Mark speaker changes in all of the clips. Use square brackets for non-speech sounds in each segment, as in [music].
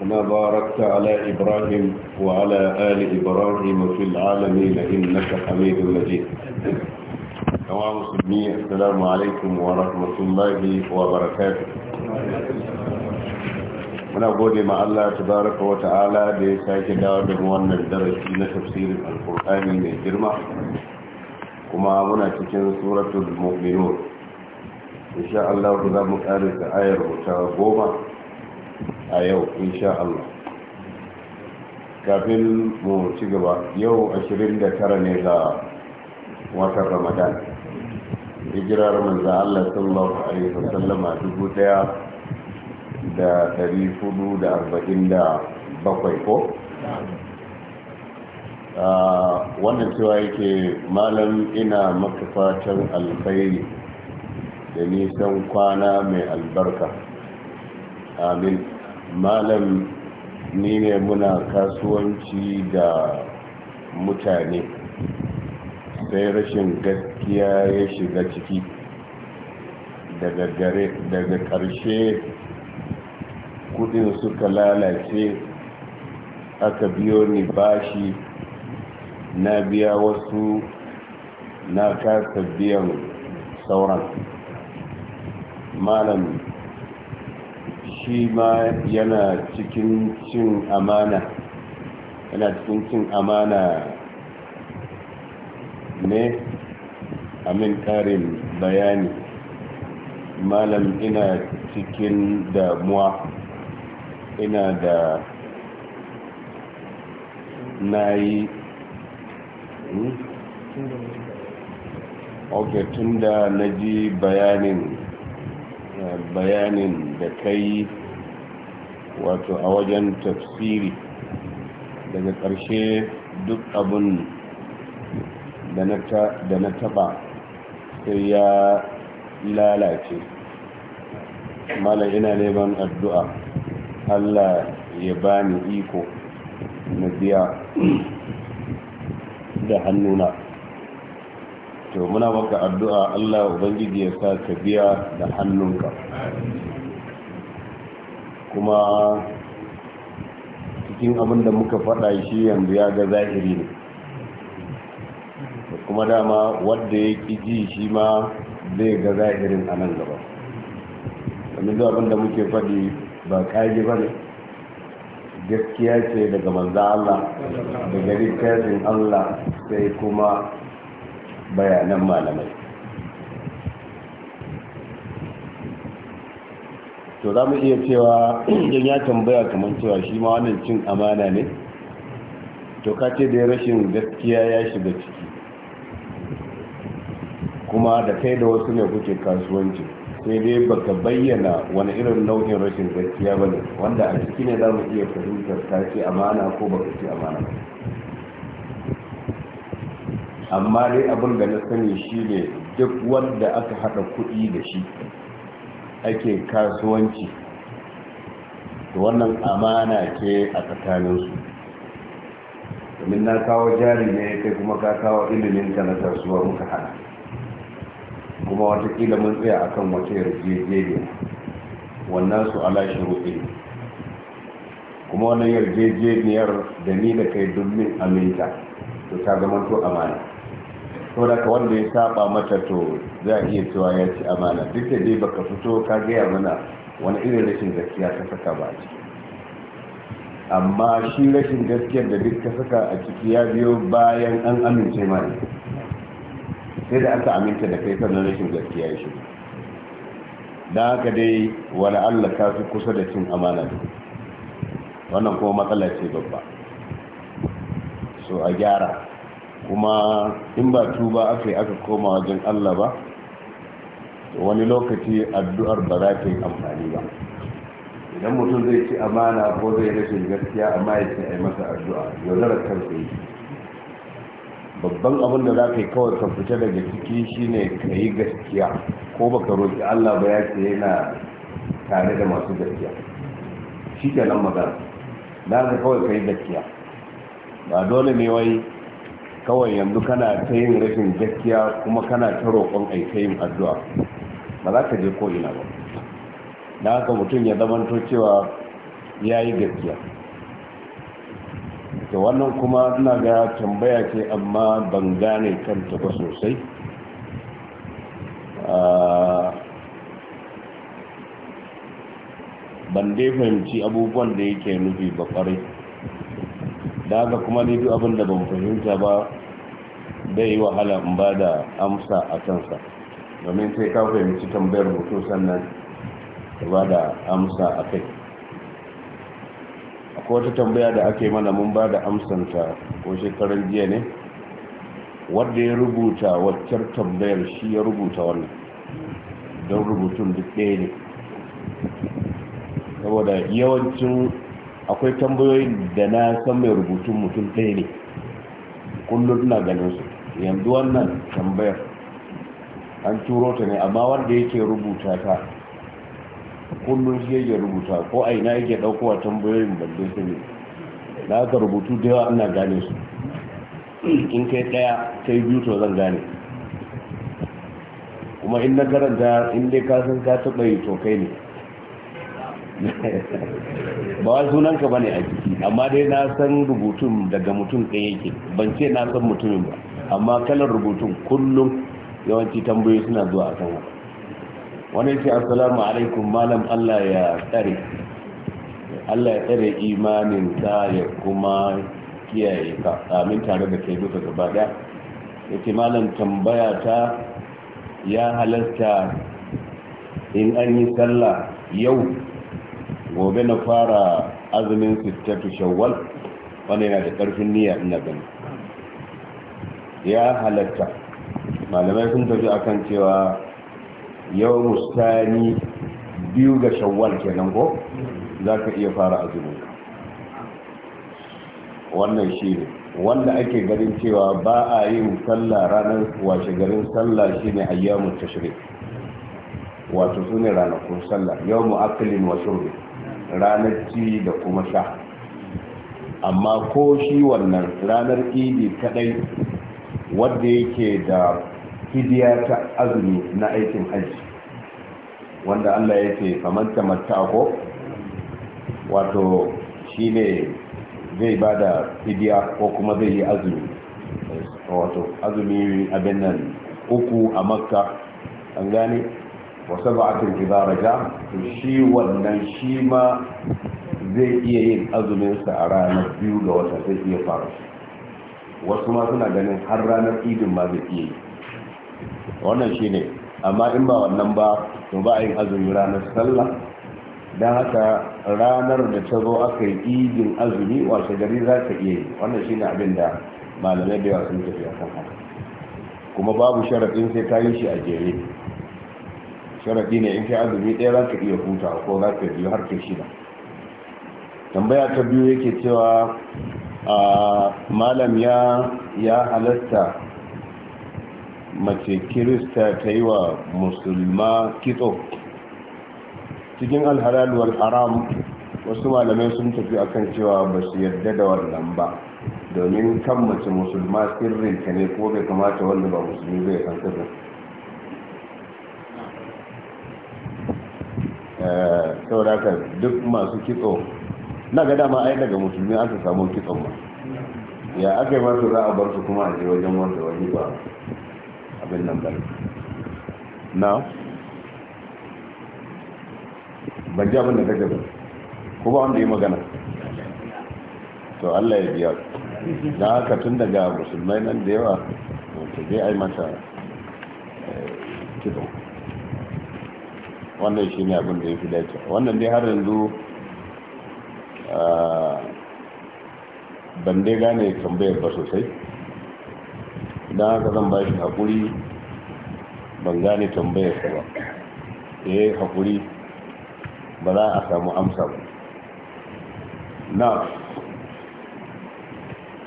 Speaker 1: كما باركت على إبراهيم وعلى آل إبراهيم في العالمين إنك حميد مجيد نوع مسلمي السلام عليكم ورحمة الله وبركاته muna gode ma Allah tabaraka wa ta'ala da ya sake dawo da wannan darasi na tafsirin alkur'ani mai girma kuma muna cikin suratul mu'minun insha Allah za mu karanta goma a yau insha Allah kafin mu ci gaba yau 29 ne ga watan ramadan hijirar manzan Allah sallallahu alaihi wasallam a dubu da dari da arba'in bakwai ko wannan cewa yake malam ina maka fatan da nisan kwana mai albarka amin malam ni ne muna kasuwanci da mutane sai rashin gaskiya ya shiga ciki daga ƙarshe kudin suka lalace aka biyo ni bashi na biya wasu na kasa biyan sauran malam shi ma yana cikin cin amana yana cikin cin amana ne amin karin bayani malam ina cikin damuwa ina da na yi hmm? ok tun da na ji bayanin bayanin da ka wato a wajen tafsiri daga ƙarshe duk abin da na taba sai ya lalace malam ina neman addu'a allah ya bani iko na biya da hannuna to muna baka addu'a allah ubangiji ya sa ka biya da hannunka kuma cikin abin da muka faɗa shi yanzu ya ga zahiri ne kuma dama wadda ya ƙi ji shi ma zai ga zahirin a nan gaba zuwa abin da muke faɗi ba ƙage ba ne gaskiya ce daga manza Allah daga littafin Allah sai kuma bayanan malamai to za mu iya cewa [clears throat] idan ya tambaya kamar cewa shi ma wannan cin amana ne to ka ce da rashin gaskiya ya shiga ciki kuma da kai da wasu ne kuke kasuwanci sai dai baka bayyana wani irin nau'in rashin gaskiya ba ne wanda a ciki ne za mu iya fahimtar ka ce amana ko baka ce amana ba amma dai abin da na sani shi ne duk wanda aka haɗa kuɗi da shi ake kasuwanci da wannan amana ce a tsakaninsu domin na kawo jari ne kai kuma ka kawo ilimin ta na kasuwa muka hana kuma watakila mun tsaya akan wata yarjejeniya wannan su ala shirufi kuma wannan yarjejeniyar da ni da kai dubmin aminta to ta zama to amana saboda ka wanda ya saba mata to za a iya cewa ya ci amana duk da dai baka fito ka gaya mana wani irin rashin gaskiya ka saka ba amma shi rashin gaskiyar da duk ka saka a ciki ya biyo bayan an amince ma sai da aka aminta da kai sannan rashin gaskiya ya shi da haka dai wani allah ka fi kusa da cin amana ne wannan kuma matsala ce babba so a gyara kuma in ba tuba aka yi aka koma wajen Allah ba wani lokaci addu'ar ba za ta yi amfani ba idan mutum zai ci amana ko zai rashin gaskiya amma ya ce a yi masa addu'a yaudarar kansa yi babban abin da za ka yi kawai ka fita daga ciki shine ka yi gaskiya ko baka roƙi Allah ba ya ce yana tare da masu gaskiya shi ke nan magana na ka kawai ka yi gaskiya ba dole ne wai kawai yanzu kana ta yin rashin gaskiya kuma kana ta roƙon aika yin addu'a ba za ka je ko ina ba na haka mutum ya zamanto cewa ya yi gaskiya da wannan kuma ina ga tambaya ce amma ban gane kanta ba sosai ah, ban dai fahimci abubuwan da yake nufi ba kwarai da haka kuma ne duk abin da ban fahimta ba bai yi wahala in ba da amsa a kansa domin sai ka fahimci tambayar mutum sannan ba da amsa a kai akwai wata tambaya da ake mana mun ba da amsanta ko shekarun jiya ne wadda ya rubuta waccar tambayar shi ya rubuta wannan don rubutun duk ɗaya ne saboda yawancin akwai tambayoyin da na san mai rubutun mutum ɗaya ne kullum ina ganin su yanzu wannan tambayar an turo ta ne amma wanda yake rubuta ta kullum shi yake rubuta ko a ina yake ɗaukowa tambayoyin balle su ne na aka rubutu da yawa ina gane su in kai ɗaya kai biyu to zan gane kuma in na karanta in dai ka san ka taɓa yi to kai ne [laughs] ba wa sunanka ba ne a jiki amma dai na san rubutun daga mutum ɗaya yake ban ce na san mutumin ba amma kalar rubutun kullum yawanci tambayoyi suna zuwa a kan wani ce assalamu alaikum malam allah ya tsare allah ya tsare imanin sa ya kuma kiyaye ka amin tare da kai duka gaba daya yake malam tambaya ta ya halasta in an yi sallah yau gobe na fara azumin sittatu shawwal wani yana da ƙarfin niyya ina gani ya halatta malamai sun tafi akan cewa yau mustani biyu ga shawwal kenan ko za ka iya fara azumin wannan shi ne wanda ake ganin cewa ba a yin sallah ranar washe garin sallah shine ayyamun tashrik wato sune ranakun sallah yau aklin wa shurbin ranar ci da kuma sha amma ko shi wannan ranar idi kadai wadda yake da fidiya ta azumi na aikin hajji wanda allah ya ce mata matako, wato shi ne zai ba da fidiya ko kuma zai yi azumi wato azumi abin nan uku a makka an gane wasu ba'atun idaraja to shi wannan shi ma zai iya yin azuminsa a ranar biyu ga wata zai iya fara wasu ma suna ganin har ranar idin ma zai iya yi wannan shi ne amma in ba wannan ba to ba a yin azumi ranar sallah don haka ranar da ta zo aka yi idin azumi wace gari za ta iya yi wannan shine abin da malamai da yawa sun tafiya. kuma babu sharaɗin sai ta yi shi a jere sharadi ne in kai azumi ɗaya za ka iya huta ko za ka biyu har kai shida tambaya ta biyu yake cewa malam ya ya halatta mace kirista ta yi wa musulma kitso cikin wal haram wasu malamai sun tafi akan cewa ba su yarda da wannan ba domin kan mace musulma sirrinta ne ko bai kamata wanda ba musulmi zai san sirrin Eh, sauraka duk masu kitso na ga dama ai daga musulmi aka samu kitson ma ya aka yi masu za a bar su kuma a je wajen wanda wani ba abin nan ba na ban ji abin da kake ba ko ba wanda yi magana to Allah ya biya da haka tun daga musulmai nan da yawa to zai ai mata eh, kitson wannan shi ne abin da ya fi dace wannan dai har yanzu ban dai gane tambayar ba sosai don haka zan ba shi haƙuri ban gane tambayar sa ba ya eh, yi haƙuri ba za a samu amsa ba na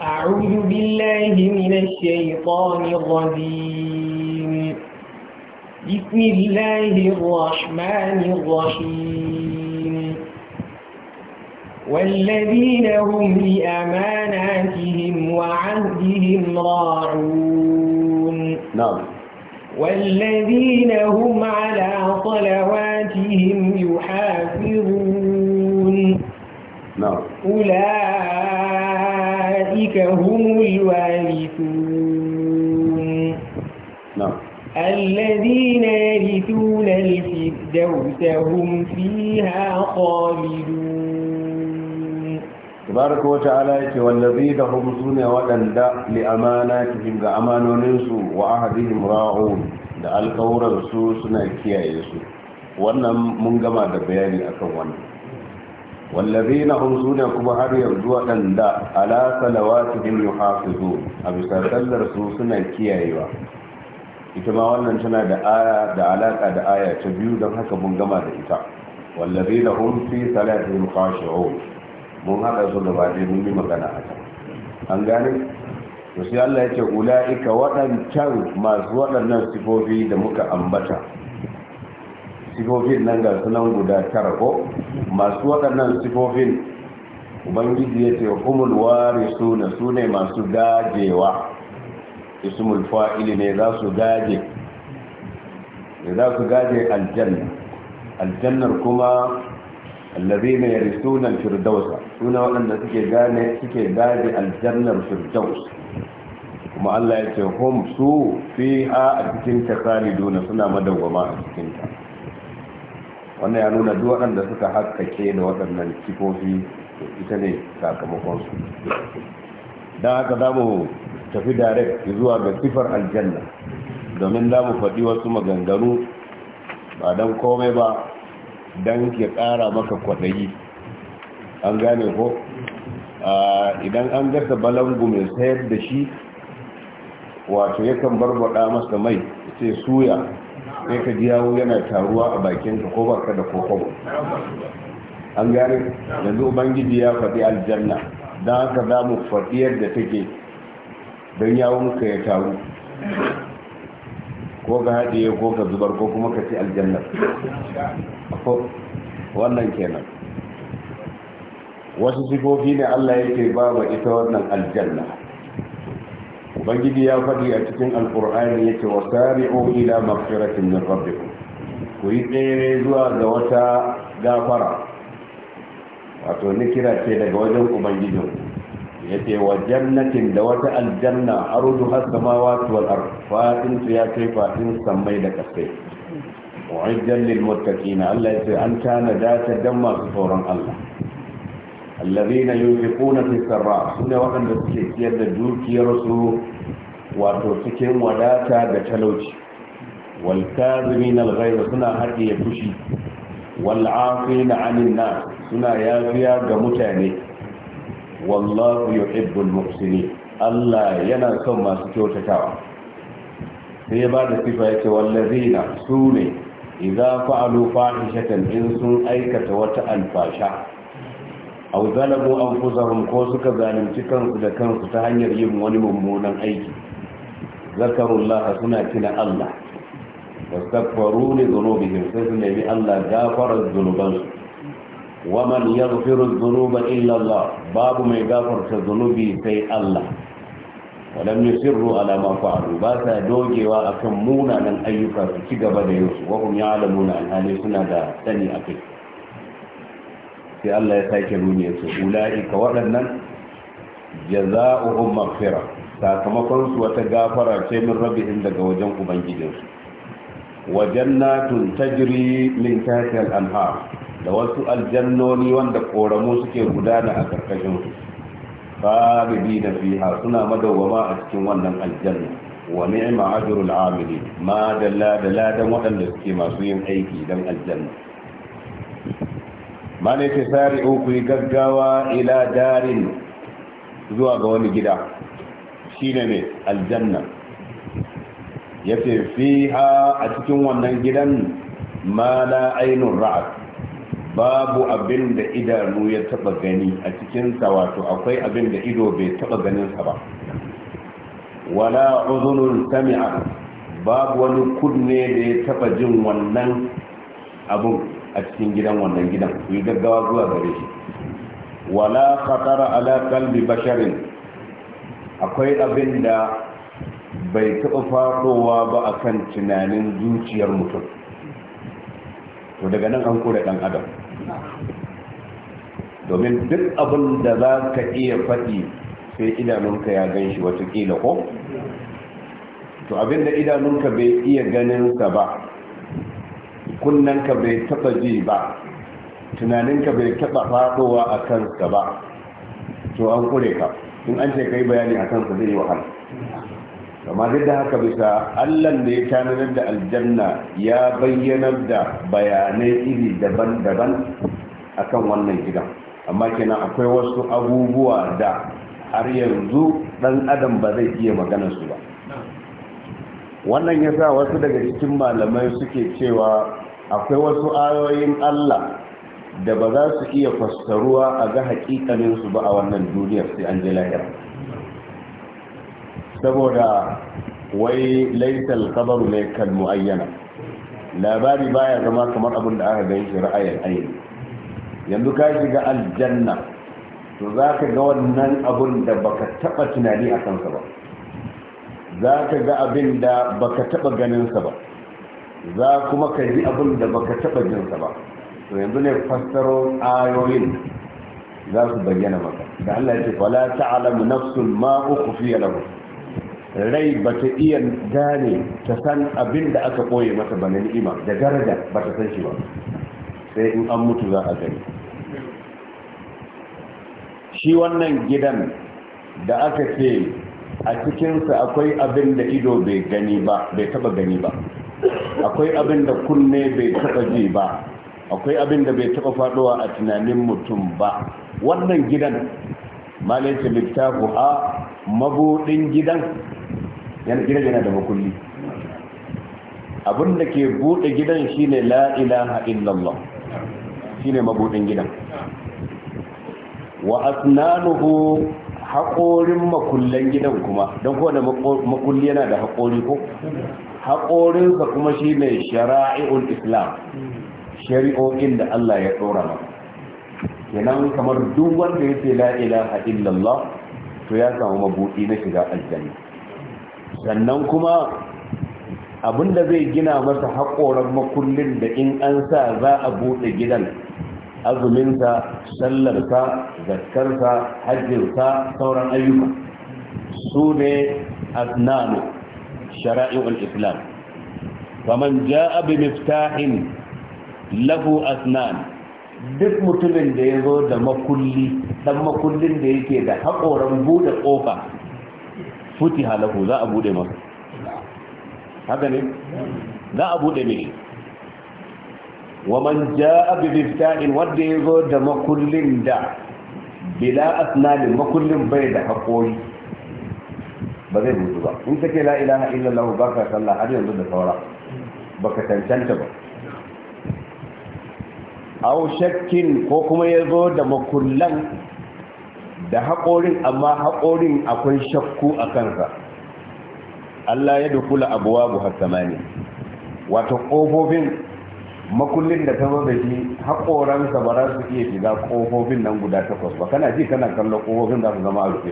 Speaker 1: أعوذ بالله من الشيطان الرجيم بسم الله الرحمن الرحيم والذين هم لأماناتهم وعهدهم راعون نعم والذين هم على صلواتهم يحافظون نعم أولئك هم الوارثون الذين يرثون الفردوس هم فيها خالدون تبارك وتعالى والذين هم سنة ودن لأماناتهم لأمانونسوا وعهدهم راعون da alkawuransu suna kiyaye su wannan mun gama da bayani akan wannan wallazi na hunsu kuma har yanzu waɗanda ala salawatihim yuhafizu a bisa sallar su suna kiyayewa ita ma wannan tana da aya da alaka da aya ta biyu don haka mun gama da ita wallazi da hun fi a khashi'un mun hada su da baje mun yi magana a ta. an gane to sai Allah yake ulaika wadancan masu wadannan sifofi da muka ambata sifofin nan ga sunan guda tara ko masu wadannan sifofin ubangiji yace humul warisuna sune masu dajewa ismul fa'ili ne za su gaje za su gaje aljanna aljannar kuma allazina yarisuna al-firdaus suna waɗanda suke gane suke gaje aljannar firdaus kuma Allah ya ce hum su fiha a cikin ta khaliduna suna madawwama a cikin ta wannan ya nuna duk waɗanda suka hakkake da waɗannan sifofi ita ne sakamakon su dan haka zamu tafi direct zuwa ga sifar aljanna domin za mu faɗi wasu maganganu ba don komai ba don ke ƙara maka kwaɗayi an gane ko idan an gasa balangu mai sayar da shi wato yakan barbada masa mai sai suya sai ka ji yawo yana taruwa a bakinka ko baka da koko an gane yanzu ubangiji ya faɗi aljanna don haka za mu faɗi yadda take don yawunka ya taru ko ga haɗiye ko ka zubar ko kuma ka ci aljannar wannan kenan wasu sifofi ne allah yake ba wa ita wannan aljanna ubangiji ya faɗi a cikin alkur'ani yake wa sari'u ila magfiratin min rabbikum ku yi tsere zuwa ga wata gafara wato ni kira ce daga wajen ubangijinku ce wa jannatin da wata aljanna arudu har samawati wal ard fa'in ya kai fa'in samai da kasai wa'iddan lil muttaqin Allah ce an kana da ta dan masu tsoron Allah alladhina yunfiquna fi sarra sune waɗanda suke ciyar da dukiyarsu wato cikin wadata da talauci wal kazimin al suna hadiye fushi wal 'afina 'anil suna yafiya ga mutane wallahu yuhibbul muhsinin Allah yana son masu kyautatawa sai ya bada sifa yake wallazina su ne idza fa'alu fahishatan in sun aikata wata alfasha aw zalamu anfusahum ko suka zalunci kansu da kansu ta hanyar yin wani mummunan aiki zakarullah suna tuna Allah sai su nemi Allah لا غافر الذنوب ومن يغفر الذنوب إلا الله babu mai gafarta zunubi sai Allah walam yusirru ala ma fa'alu ba sa dogewa akan munanan ayyuka su ci gaba da yinsu wa hum ya'lamuna alhali suna da sani akai sai Allah ya sake nuni su ulaika waɗannan jaza'uhum maghfira sakamakon su wata gafara ce min rabbihim daga wajen ubangijinsu wa jannatun tajri min tahtiha al-anhar da wasu aljannoni wanda koramu suke gudana a karkashin su khalidi na fiha suna madawwama a cikin wannan aljanna wa ni'ma ajrul amili ma dalla da ladan waɗanda suke masu yin aiki dan aljanna mana ce sari'u uku, yi gaggawa ila darin zuwa ga wani gida shine ne aljanna ya ce fiha a cikin wannan gidan ma la ainun ra'ad babu abin da idanu ya taba gani a cikinsa wato akwai abin da ido bai taba ganinsa ba wala uzunun sami'a babu wani kunne da ya taba jin wannan abun a cikin gidan wannan gidan yi gaggawa zuwa gare shi wala khatara ala kalbi basharin akwai abin da bai taba fadowa ba akan tunanin zuciyar mutum to daga nan an kore dan adam domin duk abin da za ka iya faɗi sai idanunka ya gan shi watakila ko to abin da idanunka bai iya ganinsa ba kunnanka bai taɓa ji ba tunaninka bai taɓa faɗowa a kansa ba to an kure ka in an ce kai bayani a kansa zai yi wahala amma duk da haka bisa allan da ya tanadar da aljanna ya bayyanar da bayanai iri daban-daban akan wannan gidan amma kenan akwai wasu abubuwa da har yanzu dan adam ba zai iya magana su ba wannan ya sa wasu daga cikin malamai suke cewa akwai wasu ayoyin Allah da ba za su iya fassaruwa a ga hakikanin su ba a wannan duniyar sai an ji lahira saboda wai laisal khabaru ne kan ayyana, labari baya zama kamar abin da aka gani shi ra'ayin ayyana. yanzu ka shiga aljanna to za ka ga wannan abun da baka taba tunani a kansa ba za ka ga abin da baka taba ganinsa ba za kuma ka ji abin da baka taba jinsa ba to yanzu ne fassaro ayoyin za su bayyana maka da Allah ya ce fala ta'lamu nafsun ma ukhfiya lahu rai ba ta iya gane ta san abin da aka koye mata ba ni'ima da daraja ba ta san shi ba sai in an mutu za a gani shi wannan gidan da aka ce a cikinsa akwai abin da ido bai gani ba bai taba gani ba akwai abin da kunne bai taba ji ba akwai abin da bai taba faduwa a tunanin mutum ba wannan gidan malaita littafu a mabudin gidan gidan yana da makulli abin da ke bude gidan shine la ilaha illallah shine mabudin gidan wa asnanuhu haƙorin makullan gidan kuma don kowane makulli yana da haƙori ko haƙorinsa kuma shi ne shara'i'ul islam shari'o'in da Allah ya tsora masa kenan kamar duk wanda ya ce la ilaha illallah to ya samu mabuɗi na shiga aljanna sannan kuma abinda zai gina masa haƙoran makullin da in an sa za a buɗe gidan azuminsa sallarsa zakkarsa hajjinsa sauran ayyuka su ne asnanu shara'i'ul islam faman ja'a bi miftahin lahu asnan duk mutumin da ya zo da makulli dan makullin da yake da haƙoran buɗe ƙofa futi lahu za a buɗe masa haka ne za a buɗe mini. wa man ja'a bi bifta'in wanda zo da makullin da bila asnalin makullin bai da haƙori ba zai mutu ba in take la ilaha illallah baka sallah har yanzu da saura Ba ka cancanta ba Au shakkin ko kuma ya zo da makullan da haƙorin amma haƙorin akwai shakku a kansa Allah ya dukula abuwa bu hasamani wato ƙofofin makullin da ta zo da shi haƙoransa ba za su iya shiga ƙofofin nan guda takwas ba kana ji kana kallo ƙofofin za su zama a rufe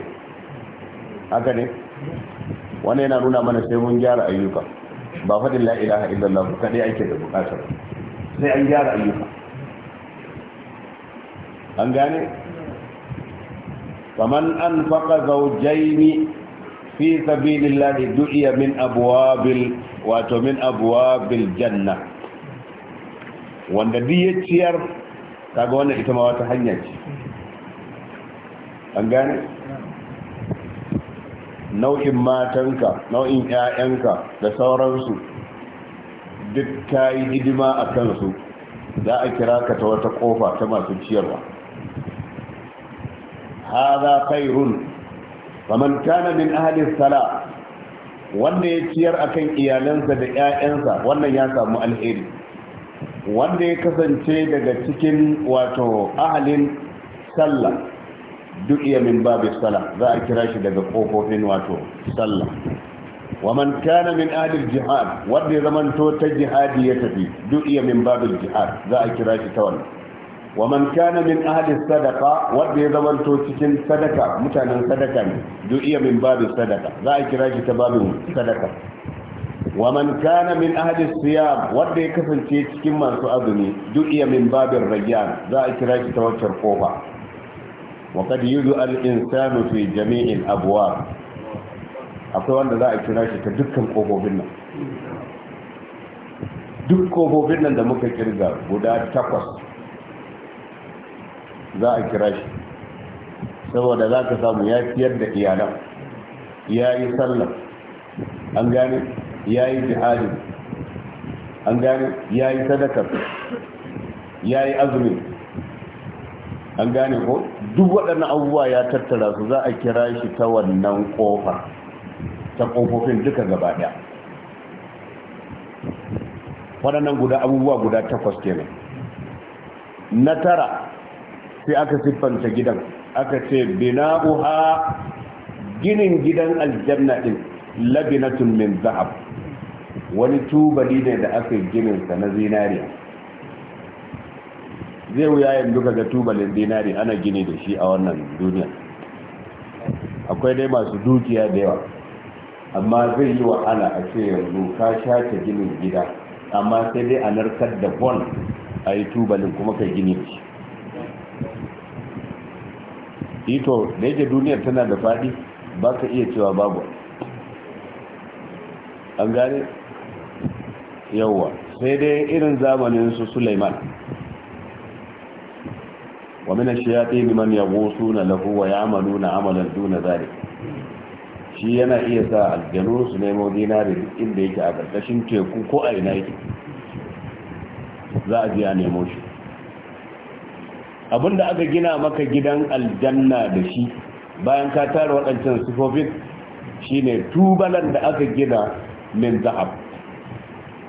Speaker 1: haka ne wani yana nuna mana sai mun gyara ayyuka ba faɗin la ilaha illallah ba kaɗai ake da buƙatar sai an gyara ayyuka an gane kaman an faƙa zaujaini fi sabilillahi du'iya min abwabil wato min abwabil janna wanda duk ya ciyar kaga wannan ita ma wata hanya ce an gane nau'in matanka nau'in 'ya'yanka da sauransu duk ta yi hidima a kansu za a kira ka ta wata kofa ta masu ciyarwa haza khairun faman kana min ahli sala wanda ya ciyar akan iyalansa da ƴaƴansa wannan ya samu alheri wanda ya kasance daga cikin wato ahalin sallah duk iya min babis sallah za a kira shi daga kofofin wato sallah wa man kana min ahli jihad wanda ya zamanto ta jihadi ya tafi duk iya min babis jihad za a kira shi ta wannan wa man kana min ahli sadaqa wanda ya zamanto cikin sadaka mutanen sadaka ne du'iya min babu sadaka za a kira shi ta babu sadaka wa man kana min ahli siyam wanda ya kasance cikin masu azumi du'iya min babin rayyan za a kira shi ta waccar kofa wa kad yudu al insanu fi jami'il akwai wanda za a kira ta dukkan nan duk nan da muka kirga guda takwas za a kira shi saboda za ka samu ya fiyar da iyalan ya yi sallah an gane ya yi jihadi an gane ya yi sadakar ya yi azumin an gane ko duk waɗannan abubuwa ya tattara su za a kira shi ta wannan ƙofa ta ƙofofin duka gaba ɗaya waɗannan guda abubuwa guda takwas kenan na tara sai aka siffanta gidan aka ce bina'uha ginin gidan aljanna din labinatun min zahab wani tubali ne da aka yi ginin sa na zinari. zai wuya yin duka ga tubalin zinari ana gini da shi a wannan duniya akwai dai masu dukiya da yawa amma zai yi wahala a ce yanzu ka shafe ginin gida amma sai dai a narkar da bon a yi tubalin kuma ka gini da shi ito eh da yake duniyar tana da faɗi ba ka iya cewa babu an gane yawwa sai dai irin zamanin su Sulaiman wa min ash-shayatin man suna lahu wa na amalan duna zari shi yana iya sa aljanu su nemo dinari inda yake a karkashin teku ko a ina yake za a ji a nemo shi abinda aka gina maka gidan aljanna da shi bayan ka tara waɗancan shi shine tubalan da aka gina min zahab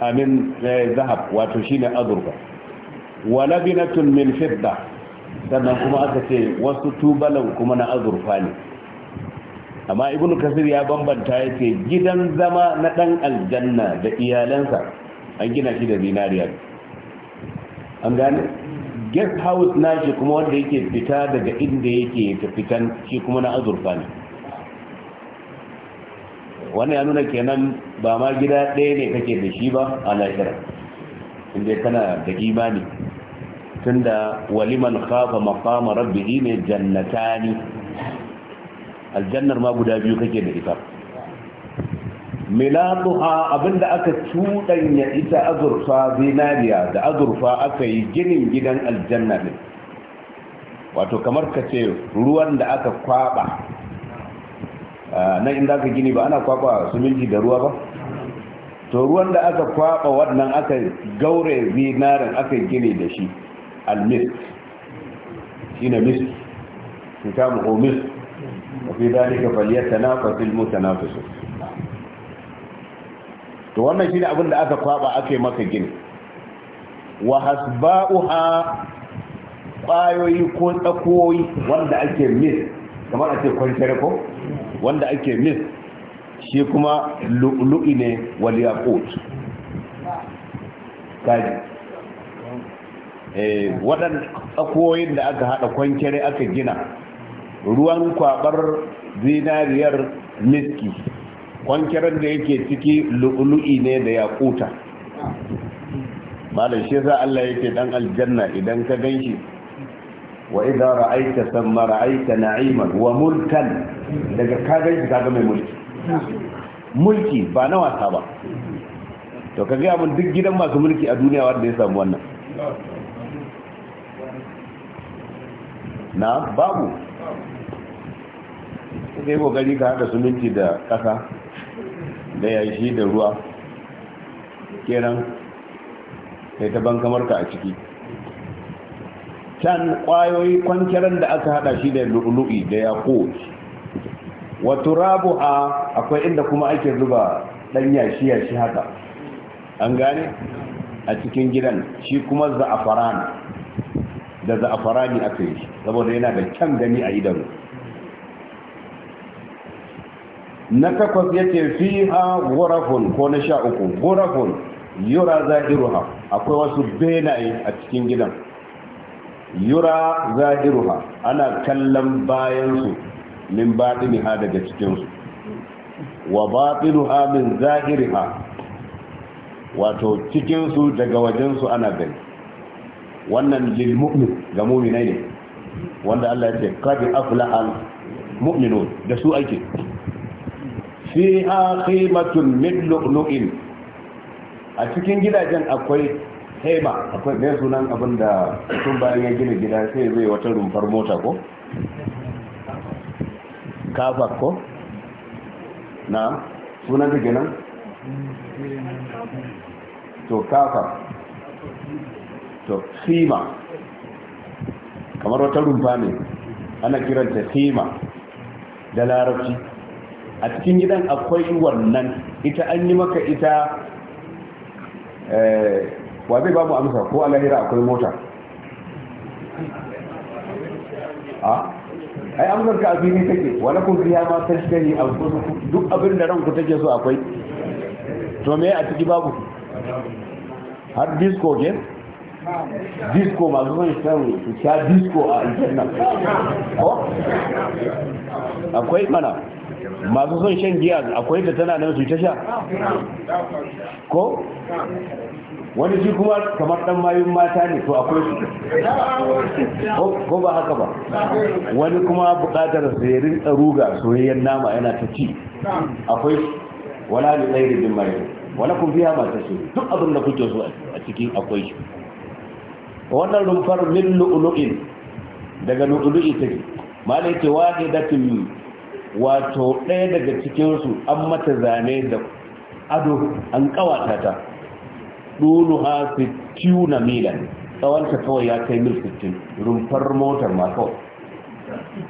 Speaker 1: amin eh, zahab wato shine azurfa wa labinatun min fidda sannan kuma aka ce wasu tubalan kuma na azurfa ne amma ibnu kasir ya bambanta ya ce gidan zama na ɗan aljanna da iyalansa an gina shi da zinariya an gane guest house na shi kuma wanda yake fita daga inda yake ta fitan shi kuma na azurfa ne wannan ya nuna kenan ba ma gida ɗaya ne kake da shi ba a lahira inda kana da imani tunda waliman khafa maqama rabbihi ne jannatani aljannar ma guda biyu kake da ita milatuha abinda aka cuɗanya ita azurfa zinariya da azurfa aka yi ginin gidan aljanna ne wato kamar ka ce ruwan da aka kwaba na inda aka gini ba ana kwaba suminti da ruwa ba to ruwan da aka kwaba wannan aka gaure zinarin aka gini da shi almis shi ne misk shi ta mu'omis mafi dalika faliyar tanafasil to wannan shine abin da aka kwaba aka yi maka gini wa hasba'uha kwayoyi ko tsakoyi wanda ake mis kamar ce kwanciyar ko wanda ake mis shi kuma lu'lu'i ne waliya kotu. kaji eh, waɗanda tsakoyin da aka haɗa kwanciyar aka gina ruwan kwabar zinariyar miski kwankirar da yake ciki lu'ulu'i ne da ya ƙuta, malam shi yasa Allah yake dan aljanna idan ka ganshi wa idza ra'aita thumma ra'aita na'iman wa mulkan daga ka gan ka ga mai mulki mulki ba na wasa ba to ka ga duk gidan masu mulki a duniya wanda ya samu wannan na babu sai kokari ka hada suminti da kasa da yashi da ruwa kenan sai ta ka a ciki can kwayoyi kwanciyar da aka hada shi da lu'lu'i da wato rabu a akwai inda kuma ake zuba dan yashi yashi haka an gane a cikin gidan shi kuma fara da za'afarani aka yi saboda yana da kyan gani a idanu na takwas yake ha gurafun ko na sha uku gurafun yura zahiruha akwai wasu benaye a cikin gidan yura zahiruha ana kallon bayansu min ha daga cikinsu wa ha min ha, wato cikinsu daga wajensu ana gani wannan lil ga mu'minai ne wanda Allah ya ce qad afla al mu'minun da su ake fiha qimatun min lu'lu'in a cikin gidajen akwai hema akwai ne sunan abin da tun bayan ya gina gida sai zai wata rumfar mota ko kafa ko na sunan da ginin to kafa, to khima kamar wata rumfa ne ana kiranta khima da larabci a cikin gidan akwai wannan ita an yi maka ita eh, wa zai ba mu amsa ko alahira akwai mota a ai amsar ka abin ne take wani kun fiya ma tashkari a duk abin da ranku take so akwai to me a ciki babu
Speaker 2: har disco ke
Speaker 1: disco masu son shan su sha disco a ko akwai mana masu son shan giya akwai da tana nan su ta sha ko wani shi kuma kamar dan mayun mata ne to akwai su ko ba haka ba wani kuma bukatar sayarin tsaruga soyayyen nama yana ta ci akwai wala ne tsaye bin mayu wala kun fiya masu su duk abin da kuke so a cikin akwai shi wannan rumfar min lu'lu'in daga lu'lu'i take malai ce wahidatin wato ɗaya daga cikinsu an mata zane da ado an ƙawata ta ɗulu ha tiyu na milan tsawonta kawai ya kai mil 15 rumfar motar mako tsawanta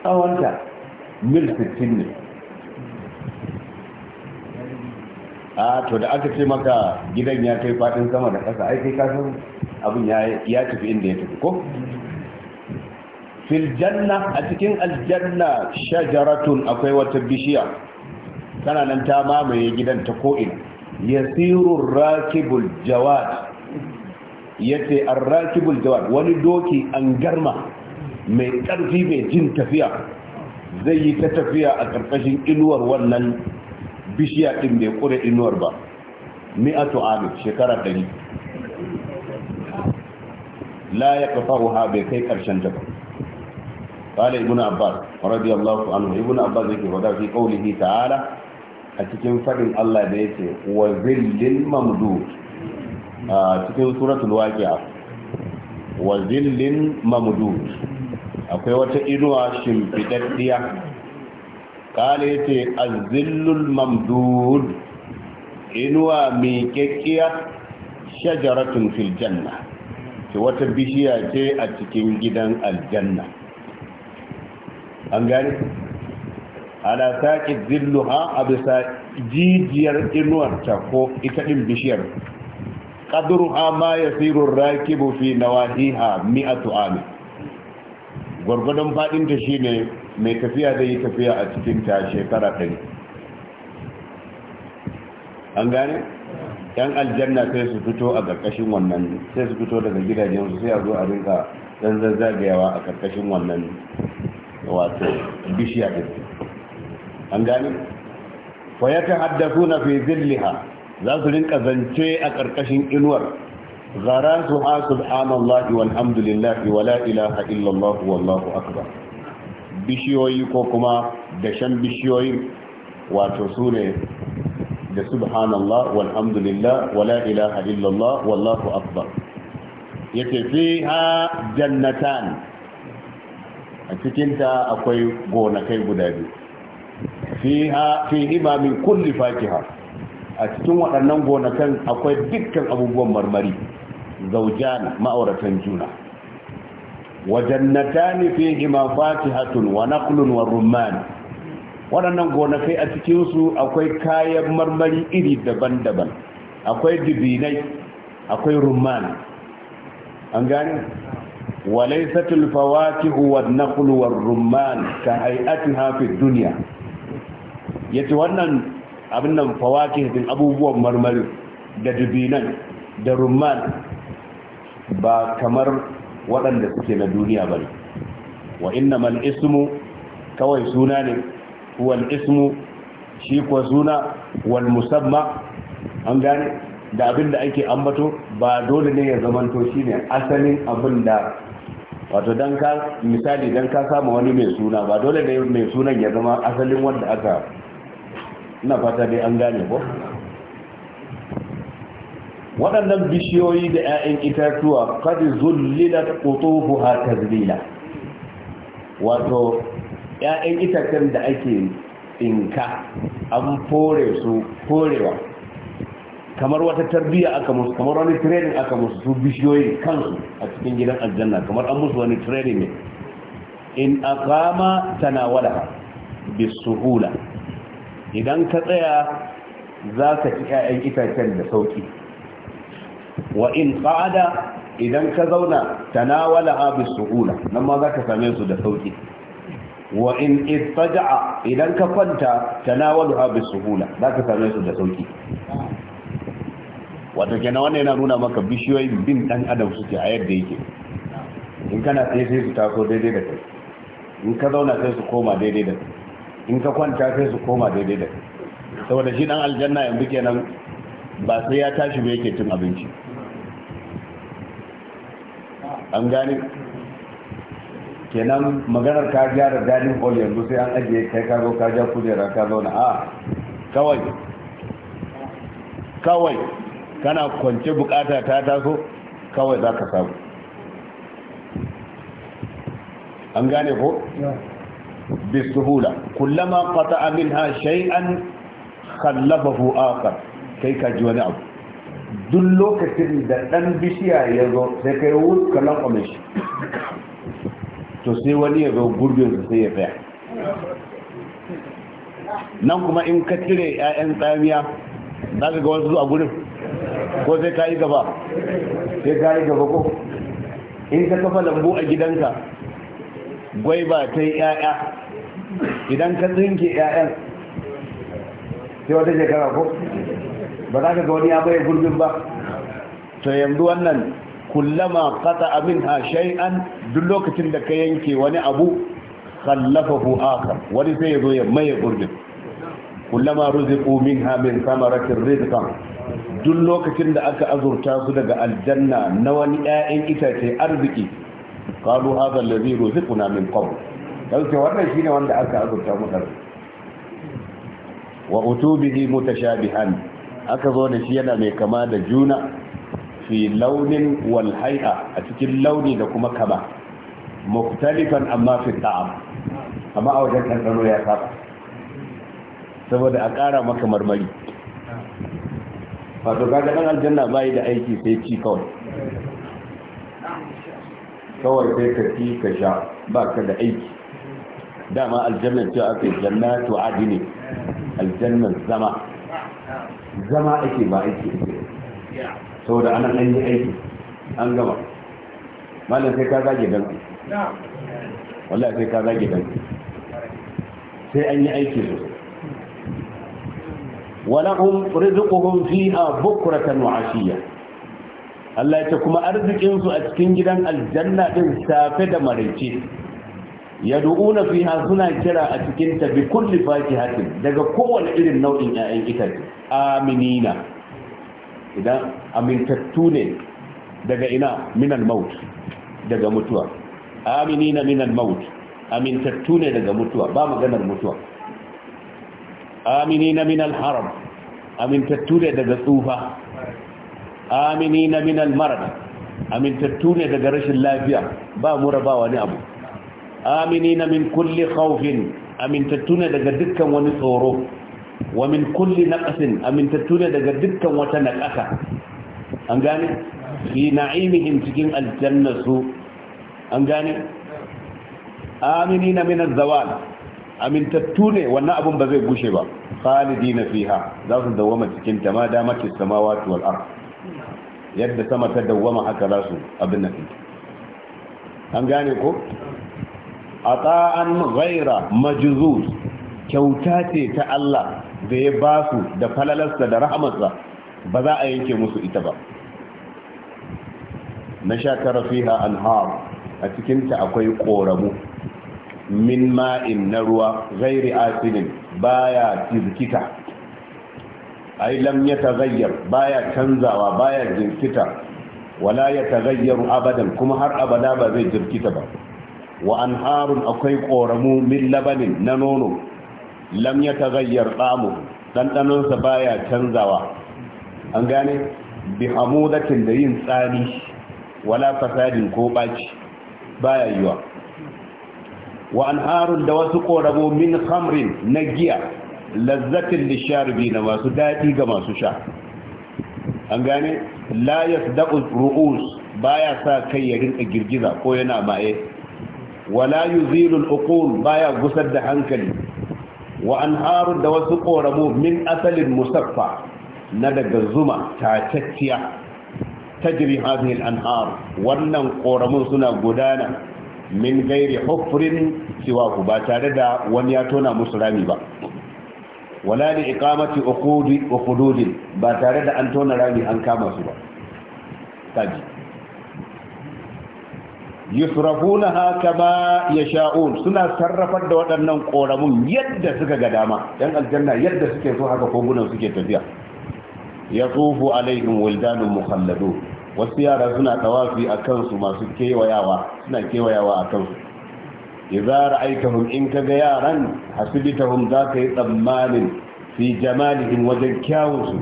Speaker 1: tsawonta mil 15 ne a to da aka ce maka gidan ya kai faɗin sama da ƙasa aiki kai kasan abin ya tafi inda ya tafi ko fil janna a cikin aljanna shajaratun akwai wata bishiya tana nan ta mamaye gidan ta ko'ina Yasirun rakibul jawad yace arrakibul jawad wani doki an garma mai ƙarfi mai jin tafiya zai yi ta tafiya a ƙarƙashin inuwar wannan bishiya ɗin bai kure inuwar ba mi'atu amin shekara ɗari. la ya kafa bai kai ƙarshen ta ba قال ابن عباس رضي الله عنه ابن عباس yake wada fi qawlihi ta'ala a cikin fadin Allah da yake wa zillil mamdud a cikin suratul waqi'a wa zillil mamdud akwai wata inuwa shimfidaddiya kala yace azillul mamdud inuwa mai kekkiya shajaratun fil janna wata bishiya ce a cikin gidan aljanna an ana ala saqi dhilluha jijiyar inuwar ko ita din bishiyar qadruha ma yasiru ar-rakibu fi nawahiha mi'atu ami gwargwadon faɗinta ta shine mai tafiya da yi tafiya a cikin ta shekara 100 an gane yan aljanna sai su fito a ƙarƙashin wannan sai su fito daga gidajensu sai a zo a rinka ɗan zazzagayawa a ƙarƙashin wannan wato bishiya din an gani fa yatahaddathuna fi zillaha za su rinka zance a karkashin inuwar غراسها سبحان الله والحمد لله ولا إله إلا الله والله أكبر bishiyoyi ko kuma dashen bishiyoyi wato su ne da subhanallah walhamdulillah wala ilaha illallah wallahu akbar ya fi ha jannatan a cikinta akwai gonakai guda biyu fi min kulli fakiha a cikin waɗannan gonakan akwai dukkan abubuwan marmari zaujana ma'auratan juna wajannatani fi ima fatihatun wa naqlun wa rumman waɗannan gonakai a cikinsu akwai kayan marmari iri daban-daban akwai dibinai akwai rumman an gane وليست الفواكه والنقل والرمان كهيئتها في duniya? yace wannan abin nan fawakih din abubuwan marmari da dubinan da rumman ba kamar waɗanda suke na duniya ba. wa innamal ismu kawai suna ne huwal ismu shi ko suna wal musamma an da abin da ake ambato ba dole ne ya zamanto shine asalin abin da wato dan ka misali dan ka samu wani mai suna ba dole ne mai sunan ya zama asalin wanda aka ina fata dai an gane ko waɗannan bishiyoyi da 'ya'yan itatuwa kadi zullilat ha tazlila wato 'ya'yan itacen da ake inka an fore su forewa kamar wata tarbiyya aka musu kamar wani training aka musu su bishiyoyi kansu a cikin gidan aljanna kamar an musu wani training ne in aqama tanawala bisuhula idan ka tsaya za ka ci 'ya'yan itacen da sauki wa in qa'ada idan ka zauna tanawala bisuhula nan ma za ka same su da sauki wa in ittaja'a idan ka kwanta tanawala bisuhula za ka same su da sauki wata kenan wannan yana nuna maka bishiyoyin bin dan adam suke a yadda yake in kana tsaye sai su taso daidai da kai in ka zauna sai su koma daidai da kai in ka kwanta sai su koma daidai da kai saboda shi dan aljanna yanzu kenan ba sai ya tashi ba yake cin abinci an gane kenan maganar ka gyara dining hall yanzu sai an ajiye kai ka zo ka ja kujera ka zauna a kawai kawai kana kwance bukata ta taso kawai za ka samu an gane ko? bisuhula kullama qata'a minha shay'an khallafahu akhar kai ka ji wani abu duk lokacin da ɗan bishiya ya zo sai kai wuce kallon shi to sai wani ya zo gurbin sai ya tsaya nan kuma in ka cire 'ya'yan tsamiya za ka ga wasu a gurin ko sai ka yi gaba sai ka yi gaba ko in ka kafa lambu a gidanka ba ta yi 'ya'ya idan ka tsinke 'ya'yan sai wata shekara ko ba za ka ga wani ya gurbin ba to yanzu wannan kullama kata abin ha shai'an duk lokacin da ka yanke wani abu khallafahu akhar wani sai ya zo ya maye gurbin kullama ruziqu minha min thamaratir rizqan duk lokacin da aka azurta su daga aljanna na wani 'ya'yan itace arziki qalu hadha alladhi ruziquna min qabl dan ce wannan shine wanda aka azurta mu dar wa utubihi mutashabihan aka zo da shi yana mai kama da juna fi launin wal hay'a a cikin launi da kuma kama muktalifan amma fi ta'am amma a wajen ɗanɗano ya saba saboda a ƙara maka marmari wato kaga ɗan aljanna bai da aiki sai ci kawai kawai sai ka ci ka sha ba ka da aiki dama aljanna ce aka yi jannatu ne aljanna zama zama ake ba aiki ake da ana an yi aiki an gama malam sai ka zage dan wallahi sai ka zage dan sai an yi aiki sosai walahum rizquhum fiha bukratan wa ashiya Allah ya ce kuma arzikinsu a cikin gidan aljanna din safe da maraice yad'una fiha suna kira a cikin ta bi kulli fakihatin daga kowane irin nau'in 'ya'yan itace aminina idan daga ina minal maut daga mutuwa aminina minal maut amintattu ne daga mutuwa ba maganar mutuwa Amini min al-haram amintattu ne daga tsufa amini min al-marad amintattu ne daga rashin lafiya ba ba wani abu amini na min kulli khawfin amintattu ne daga dukkan wani tsoro wa min kulli naqsin amintattu ne daga dukkan wata naqasa an gane fi na'imihim cikin aljanna su an gane Amini min az-zawal amintattu ne wannan abun ba zai gushe ba na fiha za su dawama cikin ta ma damati samawati wal ard yadda sama ta dawwama haka za su abin nan an gane ko ata'an ghaira majzuz kyauta ce ta Allah da ya ba su da falalarsa da rahamarsa ba za a yanke musu ita ba na shakara fiha anhar a cikinta akwai koramu min ma'in na ruwa gairi asinin baya jirkita ai lam ya tagayyar baya canzawa baya jirkita wala ya tagayyaru abadan kuma har abada ba zai jirkita ba wa an harun akwai koramu min labanin na nono lam ya tagayyar tsamu ɗanɗanonsa baya canzawa an gane bi hamudatin da yin tsani wala fasadin ko baci baya yiwa wa harun da wasu korabo min khamrin na giya lazzatin nishadi na masu daɗi ga masu sha an gane la yasdaqu ru'us baya sa kai ya rinka girgiza ko yana maye wala yuzilu al ba baya gusar da hankali wa harun da wasu korabo min asalin musaffa na daga zuma tatacciya jiri hadhihi an anhar wannan koramun suna gudana min gairi hufrin siwaku ba tare da wani ya tona musu rami ba wala li iqamati uqudi uqududin ba tare da an tona rami an kama su ba na yusrafunaha kama yasha'un suna sarrafar da waɗannan koramun yadda suka ga dama yan aljanna yadda suke so haka kogunan suke tafiya yatufu alaihim wildanun mukhalladun wasu yara suna tawafi a kansu masu kewayawa suna kewayawa a kansu idza ra'aytahum in ka ga yaran hasibtahum zaka yi tsammanin fi jamalihim wajen kyawunsu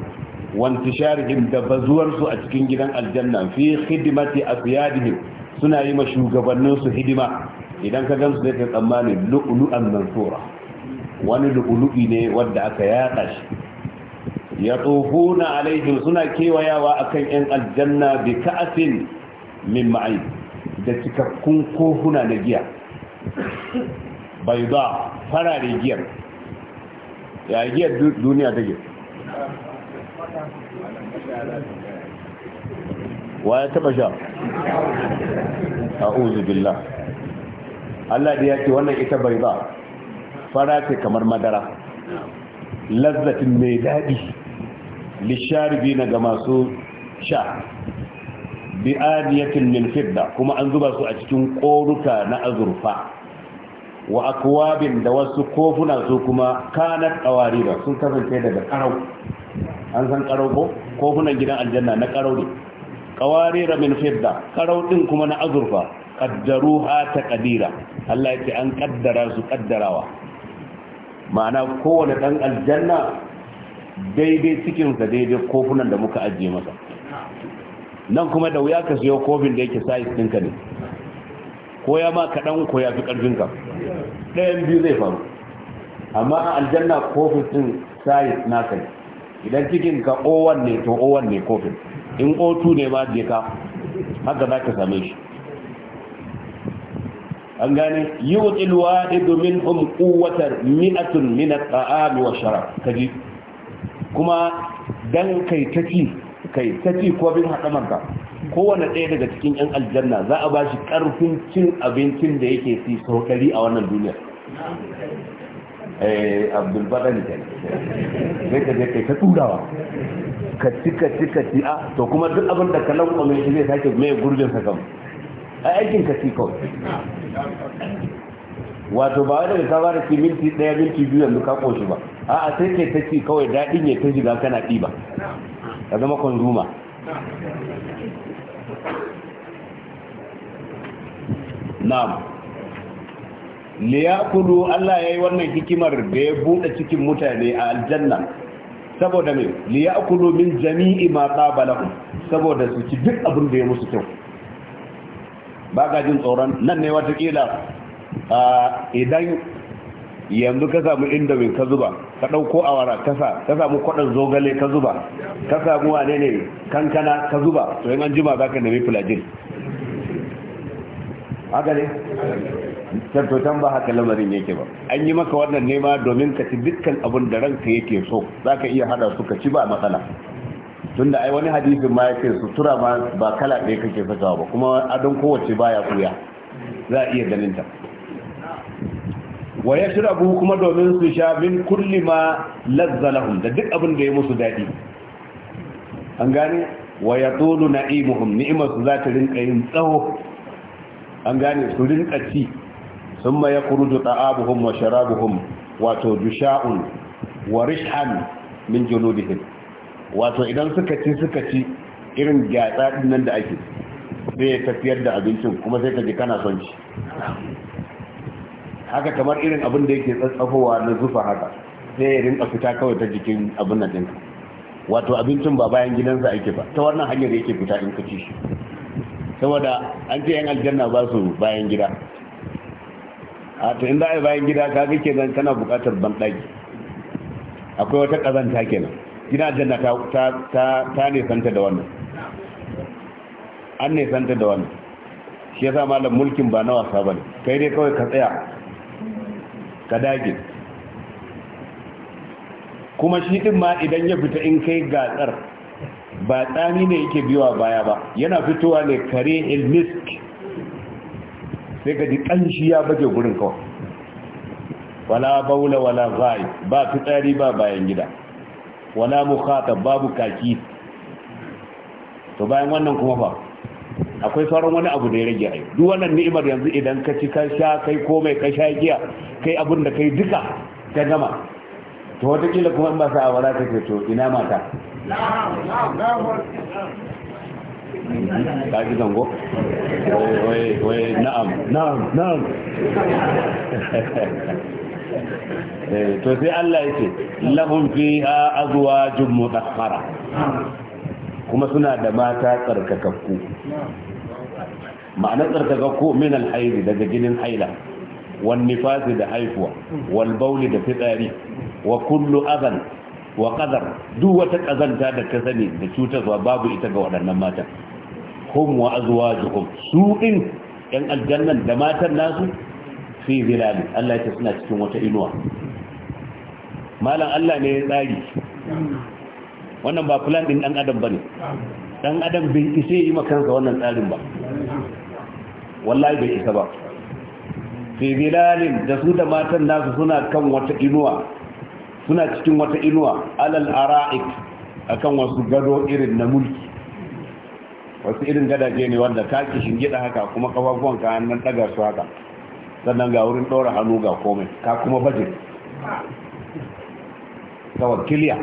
Speaker 1: wantisharihim da bazuwarsu a cikin gidan aljanna fi khidmati afyadihim suna yi ma shugabanninsu hidima idan ka gansu zai ka tsammanin lu'lu'an mansura wani lu'lu'i ne wanda aka yada shi ya tsofuna alaihim suna kewayawa akan yan aljanna bi ka'asin min ma'in da cikakkun kofuna na giya bai ba farare giyar ya giyar duniya ta take wa ya taba sha a'udhu billah Allah da ya ce wannan ita bai ba fara ce kamar madara lazzatin mai daɗi lisharibi na ga masu sha adiyatin min fidda kuma an zuba su a cikin koruka na azurfa wa akwabin da wasu kofuna su kuma kanat qawarira sun kasance daga karau an san karau ko kofunan gidan aljanna na karau ne qawarira min fidda karau din kuma na azurfa qaddaruha taqdira Allah yake an kaddara su kaddarawa ma'ana kowane dan aljanna daidai cikinsa daidai kofunan da muka ajiye masa nan kuma da wuya ka siyo kofin da yake size ɗinka ne ko ya ma kaɗan ko ya fi ƙarfinka ɗayan biyu zai faru amma a aljanna kofin ɗin size na kai, idan cikin ka o1 ne to o1 ne kofin in o2 ne ma je ka haka za ka same shi an gane yi wutsirwa idomin um kuwatar minatun minat ta'ami wa sharaf kaji kuma dan kai ta ci kai ta ci ko bin hadamanka kowane ɗaya daga cikin yan aljanna za a ba shi karfin cin abincin da yake fi sau ɗari a wannan duniyar eh abdul kai sai ka je kai ta turawa ka ci ka ci ka ci a to kuma duk abin da ka mai shi zai sake mai gurbin sa kan a aikin ka ci kawai wato ba wani ka fara ki minti ɗaya minti biyu yanzu ka koshi ba a'a sai ke ta ci kawai daɗin ya ta shiga kana ba. ka zama konzuma na'am Kudu Allah ya yi wannan hikimar da ya buɗe cikin mutane a aljanna saboda me Kudu min jami'i ma qabalahu saboda su ci duk abin da ya musu kyau ba ga jin tsoron nan ne watakila idan yanzu ka samu indomin ka zuba ka ɗauko awara kasa ka samu kwaɗon zogale ka zuba ka samu wane ne kankana ka zuba to yin an jima za ka nemi filajin haka ne tattotan ba haka lamarin yake ba an yi maka wannan nema domin ka ci dukkan abin da ranka yake so za ka iya hada su ka ci ba matsala tunda ai wani hadisin ma yake sutura ma ba kala ɗaya kake sakawa ba kuma adon kowace baya kuya za a iya ganin ta wa yashrabu kuma domin su sha min kulli ma lazzalahum da duk abin da ya musu dadi an gane wa yatulu na'imuhum ni'matu za ta rinka yin tsawo an gane su rinka ci thumma yakhruju ta'abuhum wa sharabuhum wato Dusha'un, wa rishan min junudihim wato idan suka ci suka ci irin gyatsa din nan da ake sai tafiyar da abincin kuma sai ka ji kana son shi haka kamar irin abin da yake tsatsafowa na zufa haka sai ya rinka fita kawai ta jikin abin na ɗinka wato abincin ba bayan gidansa ake ba ta wannan hanyar yake fita in ka ci shi saboda an ce yan aljanna ba su bayan gida a ta inda yi bayan gida ka ga kenan kana buƙatar banɗaki akwai wata ƙazanta kenan gina aljanna ta ta ta ne santa da wannan an ne santa da wannan shi yasa malam mulkin ba na wasa bane kai dai kawai ka tsaya ka dage kuma shi din ma idan ya fita in kai gatsar ba tsani ne yake biyowa baya ba yana fitowa ne kare ilmisk sai ga ji shi ya baje gurin kawai wala baula wala zai ba fitsari ba bayan gida wala mukhatab babu kaki to bayan wannan kuma ba akwai sauran wani abu da ya rage ai duk wannan ni'imar yanzu idan ka ci ka sha kai komai ka sha giya kai abin da kai duka ka gama to wataƙila kuma in ba sa awara ka to ina mata ka ji zango wai na'am na'am na'am eh, to sai Allah ya ce lahum fiha azwajun mutahhara kuma suna da mata tsarkakakku ma'anar tsarkakakku min alhaili daga ginin haila wan nifasi da haifuwa wal bauli da fitsari wa kullu azan wa qadar duk wata kazanta da ka sani da cutarwa babu ita ga waɗannan matan hum wa azwajuhum su din yan aljannan da matan nasu fi zilali Allah ya suna cikin wata inuwa malam Allah ne ya tsari wannan ba plan din dan adam bane dan adam bai isa yi makansa wannan tsarin ba wallahi bai isa ba fi bilalin da su da matan nasu suna kan wata inuwa suna cikin wata inuwa alal ara'ik akan wasu gado irin na mulki wasu irin gadaje ne wanda ka ki shingida haka kuma kafafuwan ka hannun daga su haka sannan ga wurin ɗora hannu ga komai ka kuma baje Ka wakiliya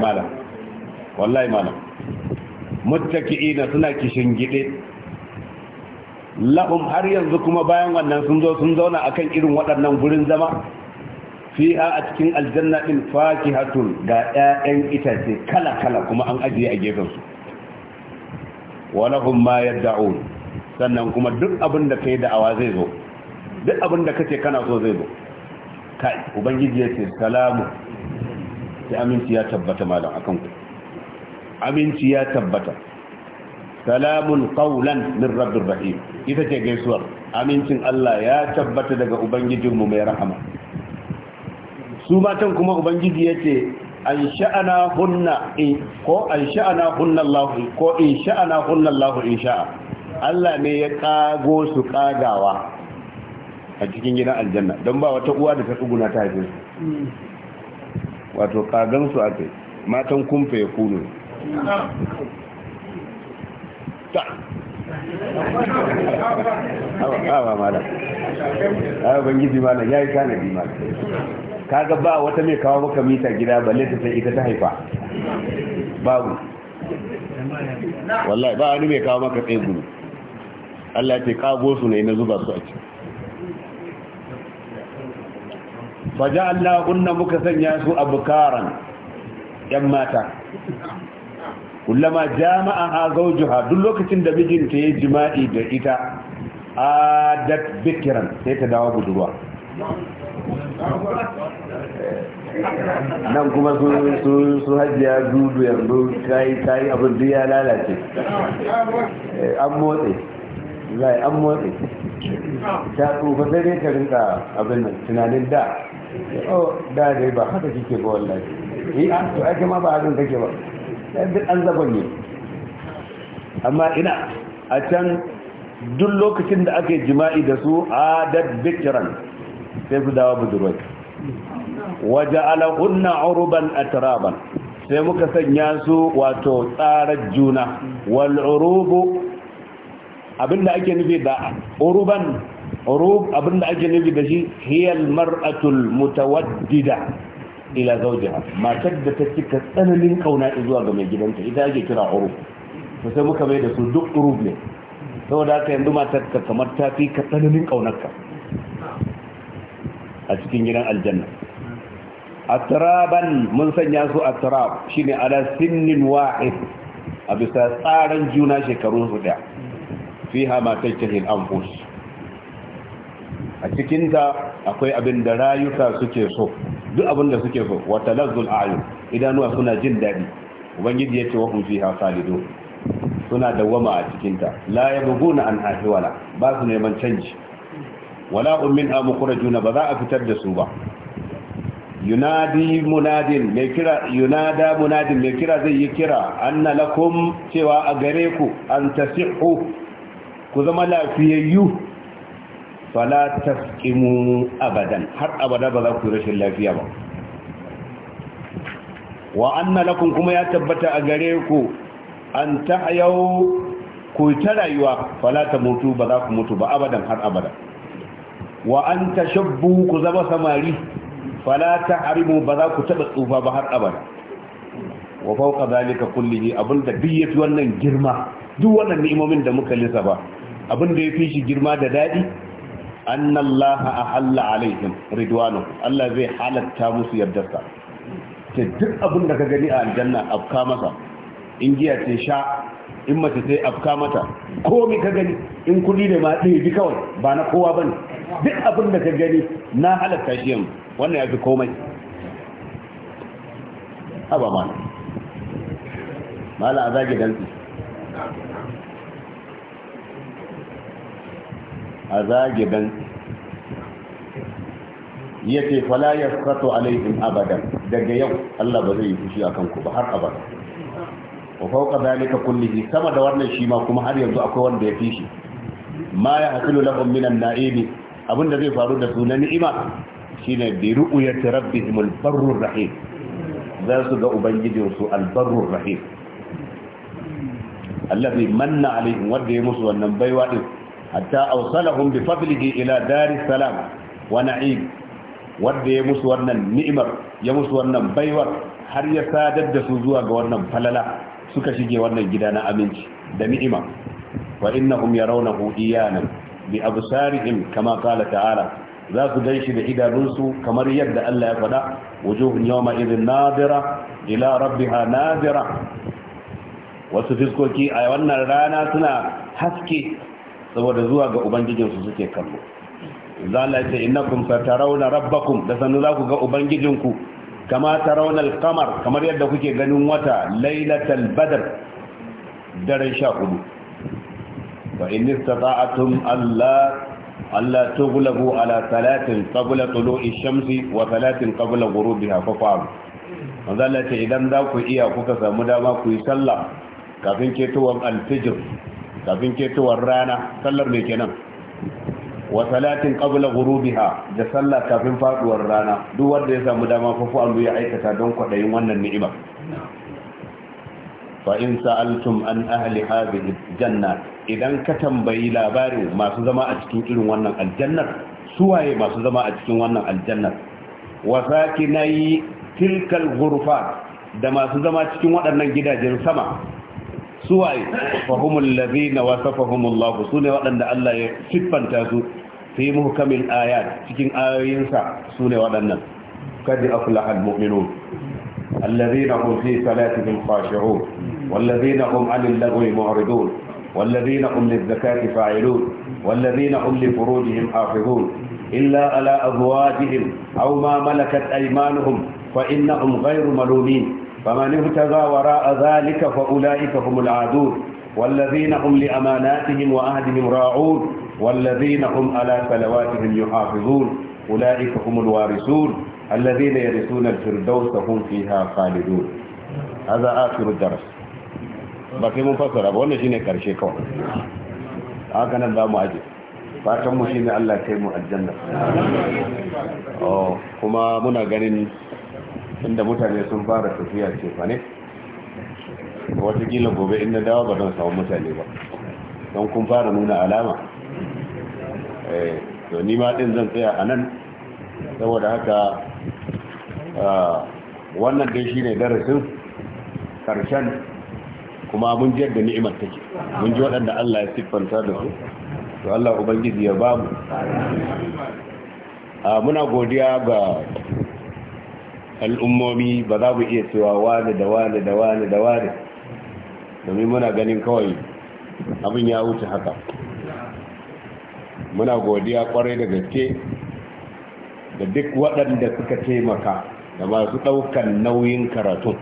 Speaker 1: malam wallahi malam muttaki'ina suna kishin gide lahum har yanzu kuma bayan wannan sun zo sun zauna akan irin waɗannan gurin zama fiha a cikin aljanna din fakihatun ga 'ya'yan itace kala kala kuma an ajiye a gefen su walahum ma yad'un sannan kuma duk abin da kai da'awa zai zo duk abin da kace kana so zai zo kai ubangiji ya ce salamu sai aminci ya tabbata malam akan ku aminci ya tabbata salamun qawlan min rabbir rahim ita ce gaisuwar amincin Allah ya tabbata daga ubangijin mu mai rahama su matan kuma ubangiji yace an sha'ana hunna in ko an sha'ana hunna Allah ko in sha'ana hunna Allah in sha'a Allah ne ya kago su kagawa a cikin gidan aljanna don ba wata uwa da ta tsuguna ta haife su wato kagansu aka matan kumfa ya kuno
Speaker 2: ta awa malam awa
Speaker 1: bangiji malam ya yi tanadi ma kaga ba wata mai kawo maka mita gida balle ta sai ita ta haifa babu wallahi ba wani mai kawo maka tsegu Allah ya ce kago su ne na zuba su a ciki faja'alna kunna muka sanya su abkaran yan mata kullama jama'a ha zaujuha duk lokacin da mijinta ya jima'i da ita a dat bikiran sai ta dawo budurwa nan kuma su Hajiya, dudu yanzu kayi kayi abin duk ya lalace eh, an motsi zai an motsi ta tsufa sai dai ta rinka abin tunanin da oh da ba haka kike ba wallahi eh an ah, to ai ma ba hakan kake ba Sai duk an zaban ne amma ina a can duk lokacin da ake jima'i da su adad bikiran sai su dawo budurwai waje alahunna uruban atiraban sai muka sanya su wato tsarar juna wal urubu abinda ake nufi da uruban rub abin da ake nufi da shi hiyal mar'atul mutawaddida ila zawjiha matar da ta cika tsananin kauna zuwa ga mai gidanta ita ake kira urub to sai muka mai da su duk urub ne saboda haka yanzu matar ka kamar ta fi ka tsananin kaunarka a cikin gidan aljanna atraban mun sanya su atrab shine ala sinnin wahid a bisa tsarin juna shekaru su daya fiha ma anfus a cikinta akwai abin da rayuka suke so duk abin da suke so wa talazzul ayun idanuwa suna jin daɗi ubangiji ya ce wa hum fiha khalidun suna dawwama a cikinta la na an ahwala ba su neman canji wala hum min juna ba za a fitar da su ba yunadi munadin mai kira yunada munadin mai kira zai yi kira anna lakum cewa a gare ku an tasihu ku zama lafiyayyu fala tasqimu abadan har abada ba za ku rashin lafiya ba wa anna lakum kuma ya tabbata a gare ku an ta yau ku ta rayuwa fala ta mutu ba za ku mutu ba abadan har abada wa an tashabbu ku zama samari fala ta harimu ba za ku taba tsufa ba har abada wa fauka zalika kullihi abinda duk yafi wannan girma duk wannan ni'imomin da muka lissafa abinda yafi shi girma da dadi An a ahalla alaihim ridwanu Allah zai halatta musu yardarsa Ta duk abin da ka gani a aljanna afka masa in giya ce sha in mace sai afka mata komi ka gani in kudi ne ma ɗaya bi kawai ba na kowa ba ne duk abin da ka gani na halatta shi yanzu wannan ya fi komai haba ma mala a zage dantsi a zagidan ya ce fala sato abadan daga yau Allah ba zai yi fushi a kanku, ba har abada wa fawqa zalika kullihi sama da wannan shi ma kuma har yanzu akwai wanda ya fi shi ma ya hasilu lahum minan na'ibi abinda zai faru da su na ni'ima shine bi ru'yati rabbihim al-barrur rahim za su ga ubangijin su al-barrur rahim allazi manna alaihim wanda ya musu wannan baiwa din hatta awsalahum bi fadlihi ila daris salam wa na'im wanda ya musu wannan ni'imar ya musu wannan baiwar har ya sadar da su zuwa ga wannan falala suka shige wannan gida na aminci da ni'ima wa innahum ya iyanan bi absarihim kama qala ta'ala za su ganshi da idanunsu kamar yadda Allah ya faɗa wujuhun yawma idhin nadira ila rabbiha nadira wasu fiskoki a wannan rana suna haske saboda zuwa ga ubangijinsu suke kallo zala ce innakum satarawna rabbakum da sannu za ku ga ubangijinku kama tarawna al-qamar kamar yadda kuke ganin wata lailatal badr daren 14 fa in istata'tum alla alla tughlabu ala salatin qabla tulu'i shamsi wa salatin qabla ghurubiha fa fa'alu ce idan za ku iya kuka samu dama ku yi sallah kafin ketowar al kafin ketowar rana sallar mai kenan wa salatin qabla ghurubiha da sallah kafin faduwar rana duk wanda ya samu dama fa ya aikata don kwadayin wannan ni'ima fa in sa'altum an ahli hadhihi janna idan ka tambayi labarin masu zama a cikin irin wannan aljannar suwaye masu zama a cikin wannan aljannar wa sakinai tilkal ghurfat da masu zama cikin waɗannan gidajen sama suwaye fa humul ladina wasafahum Allah sune waɗanda Allah ya siffanta su fi muhkamil ayat cikin ayoyinsa sune waɗannan kad aflaha almu'minun alladhina hum fi salatihim khashi'un walladhina hum 'anil lagwi mu'ridun والذين هم للزكاة فاعلون والذين هم لفروجهم حافظون إلا على أزواجهم أو ما ملكت أيمانهم فإنهم غير ملومين فمن ابتغى وراء ذلك فأولئك هم العادون والذين هم لأماناتهم وعهدهم راعون والذين هم على صلواتهم يحافظون أولئك هم الوارثون الذين يرثون الفردوس هم فيها خالدون هذا آخر الدرس baki mun fassara ba wannan shine karshe kawai haka nan za mu aje fatan mu shine Allah kai mu aljanna oh kuma muna ganin inda mutane sun fara tafiya ce fa ne gila gobe inda dawa ba don samu mutane ba don kun fara nuna alama eh, to ni ma din zan tsaya a nan saboda haka wannan dai shi ne darasin karshen kuma mun jiyar da ni'imar take mun ji waɗanda Allah ya siffanta da su to Allah ubangiji ya mu muna godiya ga al'ummomi ba za mu iya cewa wani da wani da wani da wani domin muna ganin kawai abin ya wuce haka muna godiya kwarai da gaske da duk waɗanda suka taimaka da masu ɗaukan nauyin karatun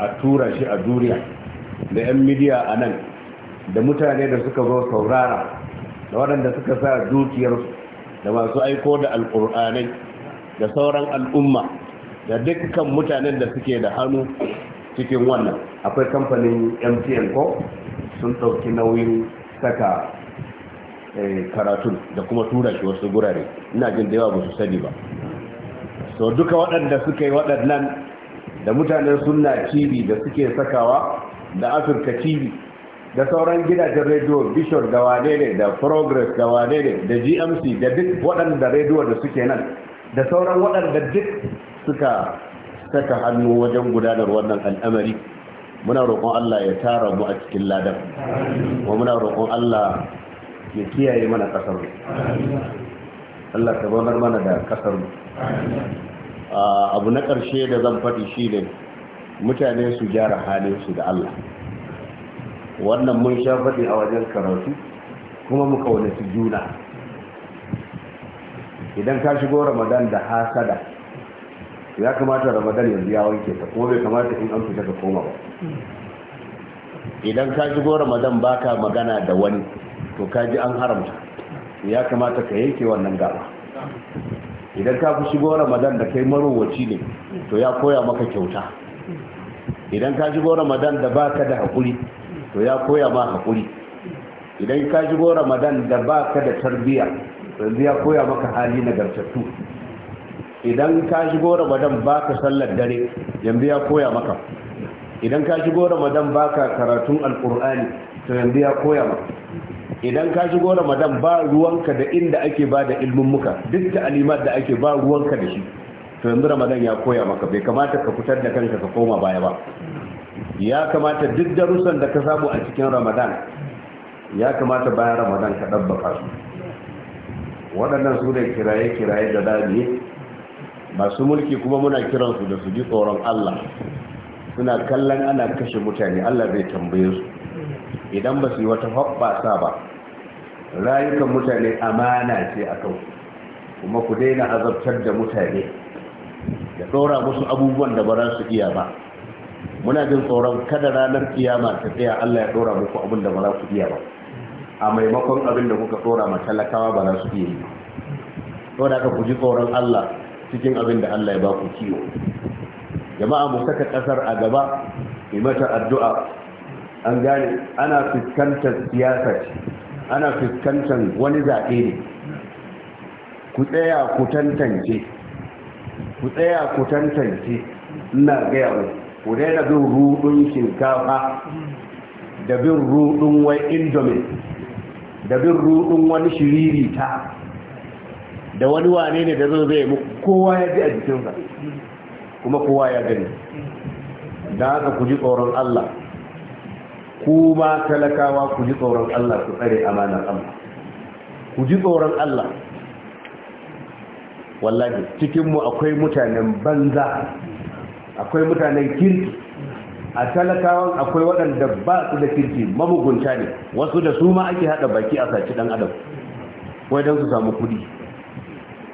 Speaker 1: a tura shi a duniya da 'yan midiya a nan da mutane da suka zo saurara da waɗanda suka sa dukiyarsu da masu aiko da alƙur'anai da sauran al'umma da dukkan mutanen da suke da hannu cikin wannan akwai kamfanin mtn ko sun ɗauki nauyin saka eh, karatun da kuma tura shi wasu gurare ina jin da yawa ba su sani ba so duka waɗanda suka yi waɗannan da mutanen sunna cibi da suke sakawa da afirka cibi da sauran gidajen rediyo bishop da wane ne da progress da wane ne da gmc da duk waɗanda rediyo da suke nan da sauran waɗanda duk suka saka hannu wajen gudanar wannan al'amari muna roƙon Allah ya tara mu a cikin ladan wa muna roƙon Allah ya kiyaye mana ƙasar mu Allah ta bar mana da ƙasar mu abu na ƙarshe da zan faɗi shine mutane su gyara halin su da Allah wannan mun sha faɗi a wajen karatu kuma muka wani juna idan ka shigo Ramadan da hasada ya kamata ramadan yanzu ya wanke ta kuma bai kamata in an fita ka koma ba idan ka shigo ramadan baka magana da wani to ka ji an haramta ya kamata ka yanke wannan gaba idan ka fi shigo ramadan da kai marowaci ne to ya koya maka kyauta idan ka shigo ramadan da baka da haƙuri to ya koya ma haƙuri idan ka shigo ramadan da baka da tarbiyya yanzu ya koya maka hali nagartattu idan ka shigo ramadan ba ka sallar dare yanzu ya koya maka idan ka shigo ramadan ba ka karatun alkur'ani to yanzu ya koya maka idan ka shigo ramadan ba ruwanka da inda ake ba da ilmummuka duk da alimat da ake ba ruwanka da shi to yanzu ramadan ya koya maka bai kamata ka fitar da kanka ka koma baya ba ya kamata duk darussan da ka samu a cikin ramadan ya kamata bayan ramadan ka ɗabbaka su waɗannan su ne kiraye-kiraye da damiye masu mulki kuma muna kiran su da su ji tsoron Allah suna kallon ana kashe mutane Allah zai tambaye su idan ba su yi wata hoɓɓasa ba rayukan mutane amana ce a kan kuma ku daina azabtar da mutane da ɗora musu abubuwan da ba za su iya ba muna jin tsoron kada ranar kiyama ta tsaya Allah ya ɗora muku abin da ba za su iya ba a maimakon abin da kuka ɗora ma talakawa ba za su iya yi ba. Saboda haka ku ji tsoron Allah cikin abin da Allah ya ba ku kiwo jama'a mu saka kasar a gaba yi mata addu'a an gane ana fuskantar siyasa ce ana fuskantar wani zaɓe ne ku tsaya ku tantance ku tsaya ku tantance ina gaya mu ku daina bin rudun shinkafa da bin rudun wai indomin da bin rudun wani shiririta da wani wane ne da zo zai muku? kowa ya ji a jikinsa kuma kowa ya gani da haka ku ji tsoron Allah ku ma talakawa ku ji tsoron Allah ku tsare amanar amma. ku ji tsoron Allah wallahi cikinmu akwai mutanen banza akwai mutanen kirki a talakawan akwai waɗanda ba su da kirki mamugunta ne wasu da su ma ake haɗa baki a saci ɗan adam wai don su samu kuɗi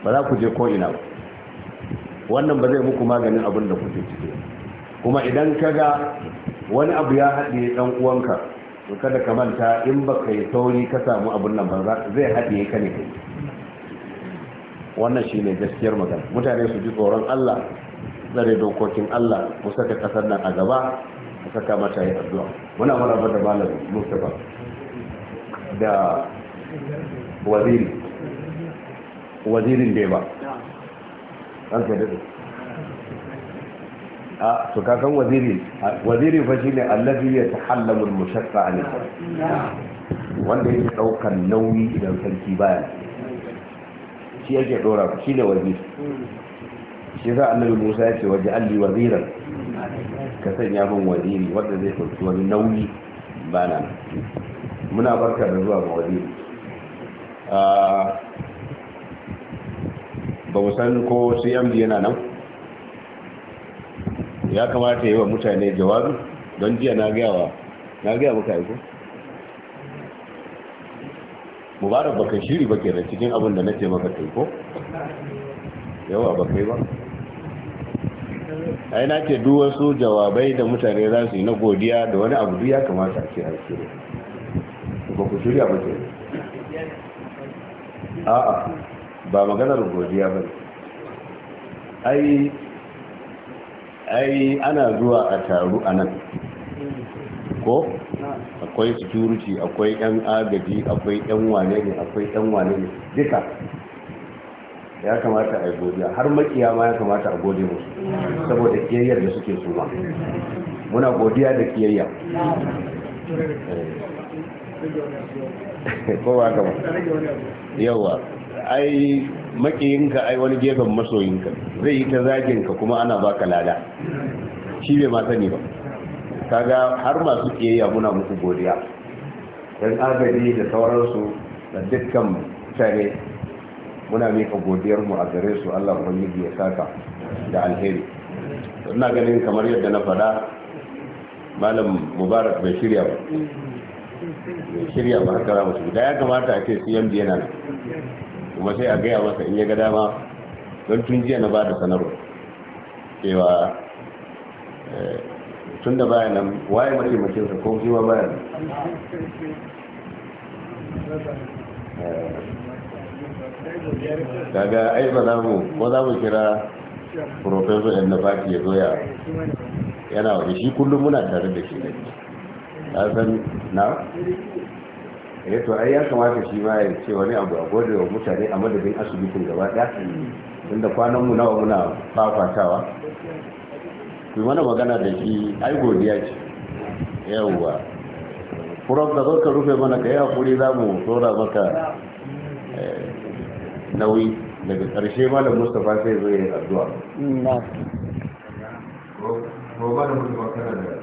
Speaker 1: ba za ku je ko ina ba wannan ba zai muku maganin abin da kuke ciki kuma idan ka ga wani abu ya haɗe ɗan uwanka to kada ka manta in ba ka yi sauri ka samu abin nan ba zai haɗe ka ne kai wannan ne gaskiyar magana mutane su ji tsoron Allah tsare dokokin Allah mu saka kasar nan a gaba mu saka mata yi addu'a muna maraba da malam Mustafa da waziri wazirin bai ba an ka daɗe a to kakan wazirin. Wazirin fa shine allazi ya tahallamu al-mushaqqa alayhi wanda yake daukar nauyi idan sarki baya shi yake dora shi ne waziri shi za annabi Musa ya ce waje alli waziran ka sanya min waziri wanda zai dauki wani nauyi bana muna barka da zuwa ga waziri ba mu san ko cmd yana nan ya kamata yi wa mutane jawabi don jiya na gawa na gaya muka ko? mubarak baka shiri ba kenan cikin abin da na ce maka kai ko yawa ba kai ba ai na ce duk wasu jawabai da mutane za su yi na godiya da wani abu ya kamata a ce a ba ku shirya ba ke a'a ba maganar godiya ba ai ai ana zuwa a taru a nan ko akwai security akwai yan agaji akwai yan wane ne akwai yan wane ne duka ya kamata a yi godiya har makiya ma ya kamata a gode musu saboda kiyayyar da suke suma muna godiya da kiyayya
Speaker 2: eh. [laughs] kowa gaba
Speaker 1: yawa ai makiyinka ai wani gefen masoyinka zai yi ta zaginka kuma ana baka lada shi bai ma ne ba kaga har masu kiyayya muna muku godiya don agaji da sauransu da dukkan tare muna mika godiyarmu a gare su Allah ubangiji ya saka da alheri ina ganin kamar yadda na faɗa malam mubarak bai shirya ba shirya ba haka za mu da ya kamata a ce cmd yana nan kuma sai a gaya masa in ya ga dama don tun jiya na ba da sanarwa cewa eh, tun da baya nan waye mataimakinsa ko shi ma baya nan
Speaker 2: daga eh, ai ba za mu ko za mu kira
Speaker 1: professor ɗan nafaki ya zo ya yana wani shi kullum muna tare da shi ne Ya san na ya eh, to ai ya kamata shi ma ya ce wani abu a gode wa mutane a madadin asibitin gaba ɗaya inda kwanan mu nawa muna fafatawa ku mana magana da shi ai godiya ce yawwa furof da zaka ka rufe mana ka yi hakuri za mu tsora maka eh, nauyi daga ƙarshe malam mustapha sai zo ya yi addu'a gobe da mutum kana da